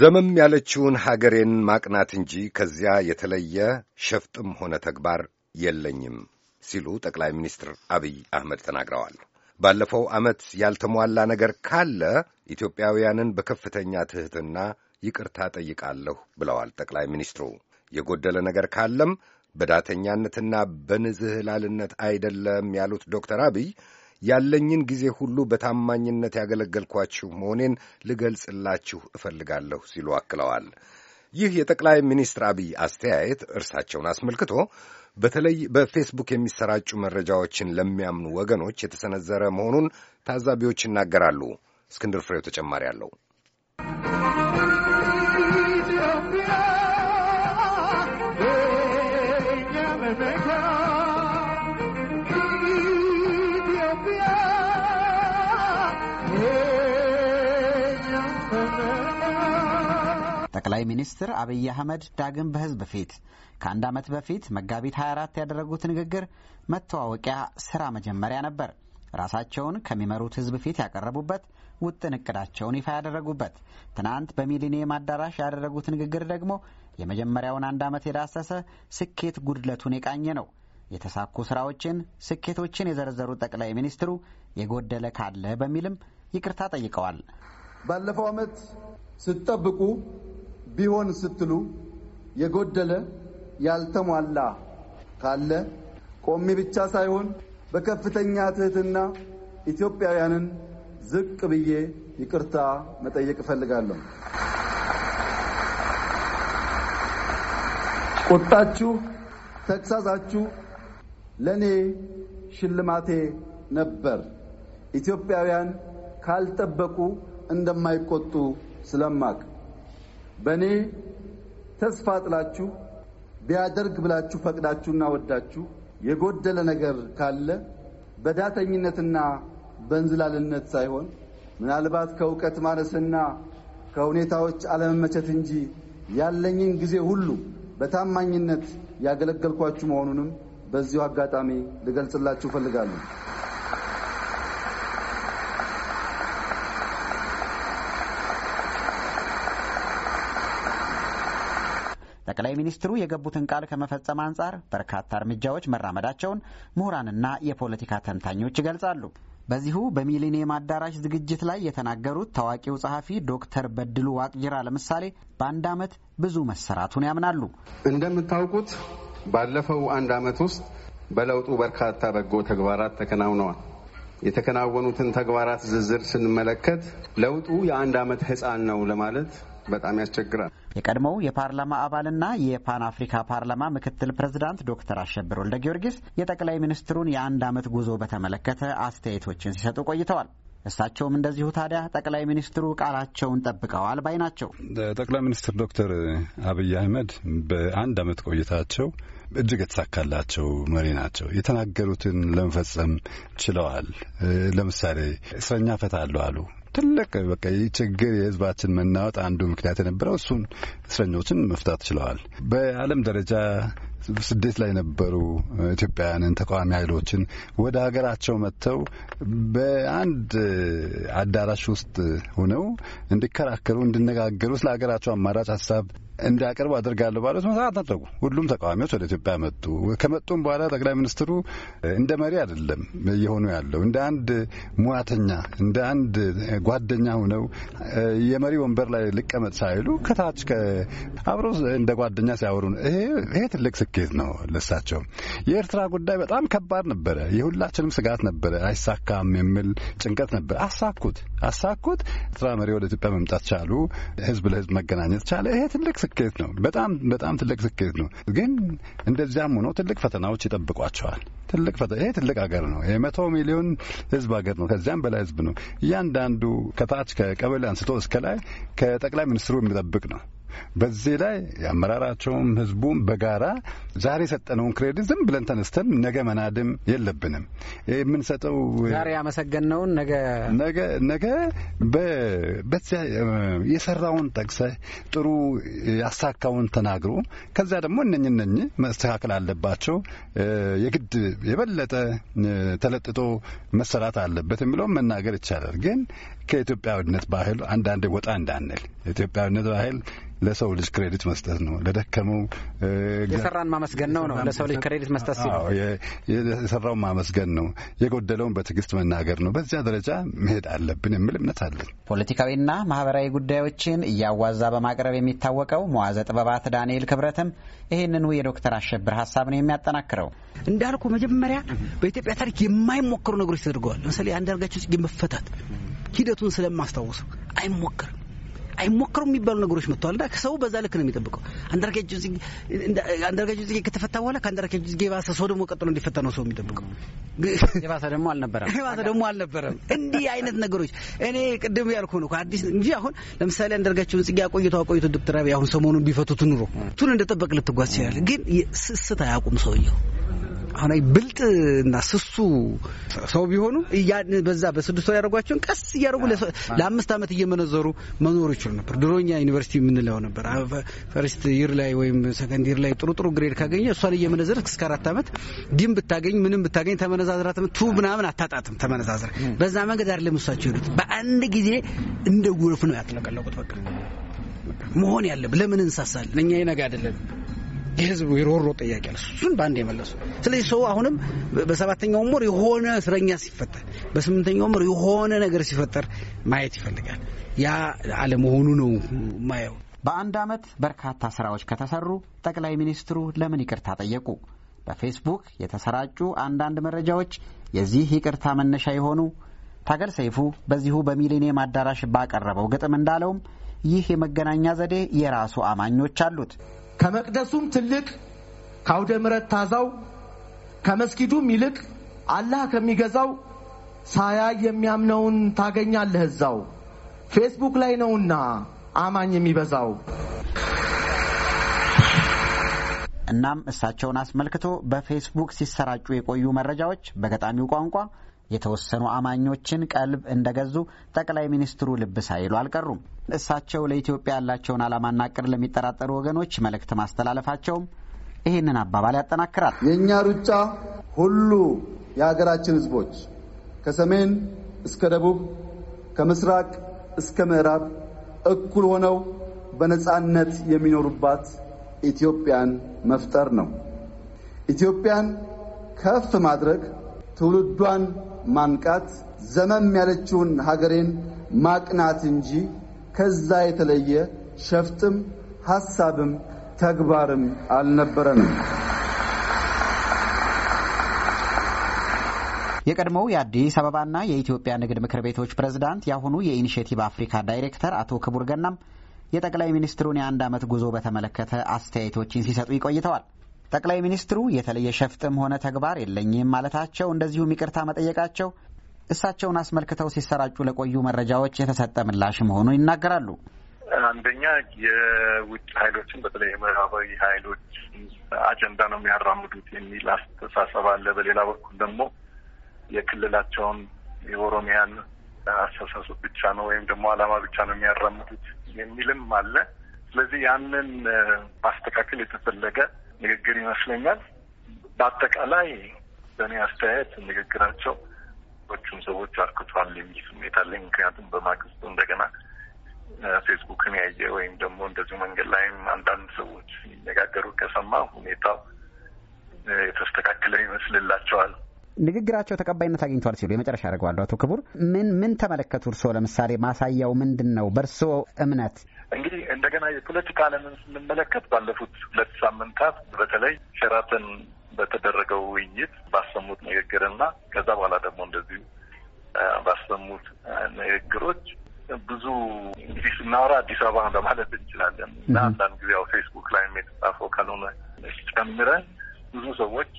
ዘመም ያለችውን ሀገሬን ማቅናት እንጂ ከዚያ የተለየ ሸፍጥም ሆነ ተግባር የለኝም ሲሉ ጠቅላይ ሚኒስትር አብይ አህመድ ተናግረዋል። ባለፈው ዓመት ያልተሟላ ነገር ካለ ኢትዮጵያውያንን በከፍተኛ ትሕትና ይቅርታ ጠይቃለሁ ብለዋል። ጠቅላይ ሚኒስትሩ የጎደለ ነገር ካለም በዳተኛነትና በንዝህላልነት አይደለም ያሉት ዶክተር አብይ ያለኝን ጊዜ ሁሉ በታማኝነት ያገለገልኳችሁ መሆኔን ልገልጽላችሁ እፈልጋለሁ ሲሉ አክለዋል። ይህ የጠቅላይ ሚኒስትር አብይ አስተያየት እርሳቸውን አስመልክቶ በተለይ በፌስቡክ የሚሰራጩ መረጃዎችን ለሚያምኑ ወገኖች የተሰነዘረ መሆኑን ታዛቢዎች ይናገራሉ። እስክንድር ፍሬው ተጨማሪ አለው። ጠቅላይ ሚኒስትር አብይ አህመድ ዳግም በህዝብ ፊት ከአንድ ዓመት በፊት መጋቢት 24 ያደረጉት ንግግር መተዋወቂያ ስራ መጀመሪያ ነበር። ራሳቸውን ከሚመሩት ህዝብ ፊት ያቀረቡበት፣ ውጥን እቅዳቸውን ይፋ ያደረጉበት። ትናንት በሚሊኒየም አዳራሽ ያደረጉት ንግግር ደግሞ የመጀመሪያውን አንድ ዓመት የዳሰሰ ስኬት ጉድለቱን የቃኘ ነው። የተሳኩ ስራዎችን፣ ስኬቶችን የዘረዘሩ ጠቅላይ ሚኒስትሩ የጎደለ ካለ በሚልም ይቅርታ ጠይቀዋል። ባለፈው ዓመት ስትጠብቁ ቢሆን ስትሉ የጎደለ ያልተሟላ ካለ ቆሜ ብቻ ሳይሆን በከፍተኛ ትህትና ኢትዮጵያውያንን ዝቅ ብዬ ይቅርታ መጠየቅ እፈልጋለሁ። ቁጣችሁ፣ ተግሳጻችሁ ለእኔ ሽልማቴ ነበር። ኢትዮጵያውያን ካልጠበቁ እንደማይቆጡ ስለማቅ በእኔ ተስፋ ጥላችሁ ቢያደርግ ብላችሁ ፈቅዳችሁና ወዳችሁ የጎደለ ነገር ካለ በዳተኝነትና በእንዝላልነት ሳይሆን ምናልባት ከእውቀት ማነስና ከሁኔታዎች አለመመቸት እንጂ ያለኝን ጊዜ ሁሉ በታማኝነት ያገለገልኳችሁ መሆኑንም በዚሁ አጋጣሚ ልገልጽላችሁ እፈልጋለሁ። ጠቅላይ ሚኒስትሩ የገቡትን ቃል ከመፈጸም አንጻር በርካታ እርምጃዎች መራመዳቸውን ምሁራንና የፖለቲካ ተንታኞች ይገልጻሉ። በዚሁ በሚሊኒየም አዳራሽ ዝግጅት ላይ የተናገሩት ታዋቂው ጸሐፊ ዶክተር በድሉ ዋቅጅራ ለምሳሌ በአንድ ዓመት ብዙ መሰራቱን ያምናሉ። እንደምታውቁት ባለፈው አንድ ዓመት ውስጥ በለውጡ በርካታ በጎ ተግባራት ተከናውነዋል። የተከናወኑትን ተግባራት ዝርዝር ስንመለከት ለውጡ የአንድ ዓመት ሕፃን ነው ለማለት በጣም ያስቸግራል። የቀድሞው የፓርላማ አባልና የፓን አፍሪካ ፓርላማ ምክትል ፕሬዝዳንት ዶክተር አሸብር ወልደ ጊዮርጊስ የጠቅላይ ሚኒስትሩን የአንድ ዓመት ጉዞ በተመለከተ አስተያየቶችን ሲሰጡ ቆይተዋል። እሳቸውም እንደዚሁ ታዲያ ጠቅላይ ሚኒስትሩ ቃላቸውን ጠብቀዋል ባይ ናቸው። ጠቅላይ ሚኒስትር ዶክተር አብይ አህመድ በአንድ ዓመት ቆይታቸው እጅግ የተሳካላቸው መሪ ናቸው። የተናገሩትን ለመፈጸም ችለዋል። ለምሳሌ እስረኛ ፈታለሁ አሉ። ትልቅ በቃ ይህ ችግር የህዝባችን መናወጥ አንዱ ምክንያት የነበረው እሱን እስረኞችን መፍታት ችለዋል። በዓለም ደረጃ ስደት ላይ የነበሩ ኢትዮጵያውያንን ተቃዋሚ ኃይሎችን ወደ ሀገራቸው መጥተው በአንድ አዳራሽ ውስጥ ሆነው እንዲከራከሩ፣ እንዲነጋገሩ ስለ ሀገራቸው አማራጭ ሀሳብ እንዲያቀርብ አድርጋለሁ ባለት መሰረት አደረጉ። ሁሉም ተቃዋሚዎች ወደ ኢትዮጵያ መጡ። ከመጡም በኋላ ጠቅላይ ሚኒስትሩ እንደ መሪ አይደለም እየሆኑ ያለው እንደ አንድ ሙያተኛ፣ እንደ አንድ ጓደኛ ሆነው የመሪ ወንበር ላይ ልቀመጥ ሳይሉ ከታች አብረ እንደ ጓደኛ ሲያወሩ ይሄ ትልቅ ስኬት ነው ለሳቸው። የኤርትራ ጉዳይ በጣም ከባድ ነበረ። የሁላችንም ስጋት ነበረ፣ አይሳካም የሚል ጭንቀት ነበር። አሳኩት አሳኩት። ኤርትራ መሪ ወደ ኢትዮጵያ መምጣት ቻሉ። ህዝብ ለህዝብ መገናኘት ቻለ። ይሄ ትልቅ ስኬት ነው። በጣም በጣም ትልቅ ስኬት ነው። ግን እንደዚያም ሆኖ ትልቅ ፈተናዎች ይጠብቋቸዋል። ትልቅ ፈተና ይሄ ትልቅ ሀገር ነው። የመቶ ሚሊዮን ህዝብ ሀገር ነው። ከዚያም በላይ ህዝብ ነው። እያንዳንዱ ከታች ከቀበሌ አንስቶ እስከ ላይ ከጠቅላይ ሚኒስትሩ የሚጠብቅ ነው። በዚህ ላይ የአመራራቸውም ህዝቡም በጋራ ዛሬ የሰጠነውን ክሬዲት ዝም ብለን ተነስተን ነገ መናድም የለብንም። የምንሰጠው ዛሬ ያመሰገንነውን ነገ ነገ ነገ በዚያ የሰራውን ጠቅሰ ጥሩ ያሳካውን ተናግሮ ከዚያ ደግሞ እነኝ እነኝ መስተካከል አለባቸው የግድ የበለጠ ተለጥጦ መሰራት አለበት የሚለውን መናገር ይቻላል ግን ከኢትዮጵያዊነት ባህል አንዳንዴ ወጣ እንዳንል ኢትዮጵያዊነት ባህል ለሰው ልጅ ክሬዲት መስጠት ነው። ለደከመው የሰራን ማመስገን ነው ነው ለሰው ልጅ ክሬዲት መስጠት ሲል የሰራውን ማመስገን ነው። የጎደለውን በትዕግስት መናገር ነው። በዚያ ደረጃ መሄድ አለብን የሚል እምነት አለን። ፖለቲካዊና ማህበራዊ ጉዳዮችን እያዋዛ በማቅረብ የሚታወቀው መዋዘ ጥበባት ዳንኤል ክብረትም ይህንኑ የዶክተር አሸብር ሀሳብ ነው የሚያጠናክረው። እንዳልኩ መጀመሪያ በኢትዮጵያ ታሪክ የማይሞክሩ ነገሮች ተደርገዋል። ለምሳሌ አንዳርጋቸው ጽጌ መፈታት ሂደቱን ስለማስታውሰው አይሞከርም አይሞከሩ የሚባሉ ነገሮች መጥተዋል እና ሰው በዛ ልክ ነው የሚጠብቀው። አንዳርጋቸው ጽጌ ከተፈታ በኋላ ከአንዳርጋቸው ጽጌ የባሰ ሰው ደግሞ ቀጥሎ እንዲፈታ ነው ሰው የሚጠብቀው። የባሰ ደግሞ አልነበረም፣ የባሰ ደግሞ አልነበረም። እንዲህ አይነት ነገሮች እኔ ቅድም ያልኩ ነው አዲስ እንጂ አሁን ለምሳሌ አንዳርጋቸውን ጽጌ አቆይቶ አቆይቶ ዶክተር አብይ አሁን ሰሞኑን ቢፈቱት ኑሮ ቱን እንደጠበቅ ልትጓዝ ይችላል። ግን ስስት አያውቁም ሰውየው አሁናዊ ብልጥ እና ስሱ ሰው ቢሆኑ በዛ በስድስት ወር ያደረጓቸውን ቀስ እያደረጉ ለአምስት ዓመት እየመነዘሩ መኖር ይችሉ ነበር። ድሮኛ ዩኒቨርሲቲ የምንለው ነበር። ፈርስት ይር ላይ ወይም ሰከንድ ይር ላይ ጥሩ ጥሩ ግሬድ ካገኘ እሷን እየመነዘር እስከ አራት ዓመት ዲም ብታገኝ ምንም ብታገኝ ተመነዛዝራ ቱ ምናምን አታጣትም። ተመነዛዝራ በዛ መንገድ አይደለም እሳቸው ይሉት በአንድ ጊዜ እንደ ጎርፍ ነው ያጥለቀለቁት። በቃ መሆን ያለብ ለምን እንሳሳለን እኛ የነገ አይደለም የህዝቡ የሮሮ ጥያቄ ነው። እሱን በአንድ የመለሱ። ስለዚህ ሰው አሁንም በሰባተኛውም ወር የሆነ እስረኛ ሲፈጠር፣ በስምንተኛውም ወር የሆነ ነገር ሲፈጠር ማየት ይፈልጋል። ያ አለመሆኑ ነው ማየው። በአንድ ዓመት በርካታ ስራዎች ከተሰሩ ጠቅላይ ሚኒስትሩ ለምን ይቅርታ ጠየቁ? በፌስቡክ የተሰራጩ አንዳንድ መረጃዎች የዚህ ይቅርታ መነሻ የሆኑ ታገር ሰይፉ በዚሁ በሚሊኒየም አዳራሽ ባቀረበው ግጥም እንዳለውም ይህ የመገናኛ ዘዴ የራሱ አማኞች አሉት። ከመቅደሱም ትልቅ ከአውደ ምረት ታዛው ከመስጊዱም ይልቅ አላህ ከሚገዛው ሳያይ የሚያምነውን ታገኛለህ እዛው። ፌስቡክ ላይ ነውና አማኝ የሚበዛው። እናም እሳቸውን አስመልክቶ በፌስቡክ ሲሰራጩ የቆዩ መረጃዎች በገጣሚው ቋንቋ የተወሰኑ አማኞችን ቀልብ እንደገዙ ጠቅላይ ሚኒስትሩ ልብ ሳይሉ አልቀሩም። እሳቸው ለኢትዮጵያ ያላቸውን ዓላማና ቅር ለሚጠራጠሩ ወገኖች መልእክት ማስተላለፋቸውም ይህንን አባባል ያጠናክራል። የእኛ ሩጫ ሁሉ የሀገራችን ህዝቦች ከሰሜን እስከ ደቡብ፣ ከምስራቅ እስከ ምዕራብ እኩል ሆነው በነጻነት የሚኖሩባት ኢትዮጵያን መፍጠር ነው። ኢትዮጵያን ከፍ ማድረግ ትውልዷን ማንቃት ዘመም ያለችውን ሀገሬን ማቅናት እንጂ ከዛ የተለየ ሸፍጥም ሐሳብም ተግባርም አልነበረንም። የቀድሞው የአዲስ አበባና የኢትዮጵያ ንግድ ምክር ቤቶች ፕሬዝዳንት የአሁኑ የኢኒሽቲቭ አፍሪካ ዳይሬክተር አቶ ክቡር ገናም የጠቅላይ ሚኒስትሩን የአንድ ዓመት ጉዞ በተመለከተ አስተያየቶችን ሲሰጡ ይቆይተዋል። ጠቅላይ ሚኒስትሩ የተለየ ሸፍጥም ሆነ ተግባር የለኝም ማለታቸው፣ እንደዚሁም ይቅርታ መጠየቃቸው እሳቸውን አስመልክተው ሲሰራጩ ለቆዩ መረጃዎች የተሰጠ ምላሽ መሆኑን ይናገራሉ። አንደኛ የውጭ ኃይሎችን በተለይ የምዕራባዊ ኃይሎች አጀንዳ ነው የሚያራምዱት የሚል አስተሳሰብ አለ። በሌላ በኩል ደግሞ የክልላቸውን የኦሮሚያን አስተሳሰብ ብቻ ነው ወይም ደግሞ ዓላማ ብቻ ነው የሚያራምዱት የሚልም አለ። ስለዚህ ያንን ማስተካከል የተፈለገ ንግግር ይመስለኛል። በአጠቃላይ በእኔ አስተያየት ንግግራቸው ዎቹም ሰዎች አርክቷል የሚል ስሜት አለኝ። ምክንያቱም በማግስቱ እንደገና ፌስቡክን ያየ ወይም ደግሞ እንደዚሁ መንገድ ላይም አንዳንድ ሰዎች ሲነጋገሩ ከሰማ ሁኔታው የተስተካከለ ይመስልላቸዋል። ንግግራቸው ተቀባይነት አግኝቷል ሲሉ የመጨረሻ ያደርገዋለሁ። አቶ ክቡር ምን ምን ተመለከቱ እርስዎ? ለምሳሌ ማሳያው ምንድን ነው በእርስዎ እምነት? እንግዲህ እንደገና የፖለቲካ ዓለምን ስንመለከት ባለፉት ሁለት ሳምንታት በተለይ ሸራተን በተደረገው ውይይት ባሰሙት ንግግርና ከዛ በኋላ ደግሞ እንደዚሁ ባሰሙት ንግግሮች ብዙ እንግዲህ ስናወራ አዲስ አበባ ለማለት እንችላለን እና አንዳንድ ጊዜ ያው ፌስቡክ ላይ የተጻፈው ካልሆነ ጨምረን ብዙ ሰዎች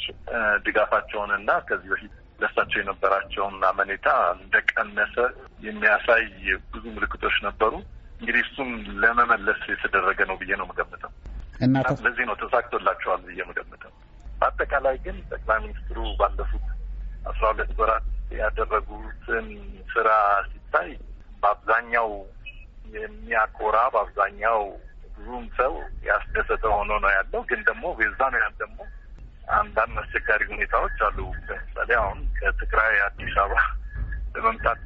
ድጋፋቸውን እና ከዚህ በፊት ለሳቸው የነበራቸውን አመኔታ እንደቀነሰ የሚያሳይ ብዙ ምልክቶች ነበሩ። እንግዲህ እሱም ለመመለስ የተደረገ ነው ብዬ ነው የምገምተው እና ለዚህ ነው ተሳክቶላቸዋል ብዬ የምገምተው። በአጠቃላይ ግን ጠቅላይ ሚኒስትሩ ባለፉት አስራ ሁለት ወራት ያደረጉትን ስራ ሲታይ በአብዛኛው የሚያኮራ በአብዛኛው ብዙም ሰው ያስደሰተ ሆኖ ነው ያለው። ግን ደግሞ ቤዛ ነው ያን ደግሞ አንዳንድ አስቸጋሪ ሁኔታዎች አሉ። ለምሳሌ አሁን ከትግራይ አዲስ አበባ ለመምጣት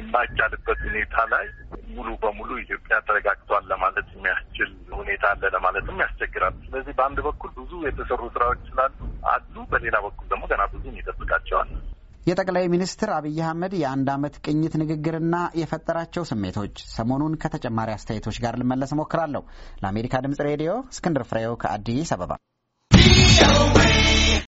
የማይቻልበት ሁኔታ ላይ ሙሉ በሙሉ ኢትዮጵያ ተረጋግቷል ለማለት የሚያስችል ሁኔታ አለ ለማለትም ያስቸግራል። ስለዚህ በአንድ በኩል ብዙ የተሰሩ ስራዎች ስላሉ አሉ፣ በሌላ በኩል ደግሞ ገና ብዙ ይጠብቃቸዋል። የጠቅላይ ሚኒስትር አብይ አህመድ የአንድ ዓመት ቅኝት ንግግርና የፈጠራቸው ስሜቶች ሰሞኑን ከተጨማሪ አስተያየቶች ጋር ልመለስ እሞክራለሁ። ለአሜሪካ ድምጽ ሬዲዮ እስክንድር ፍሬው ከአዲስ አበባ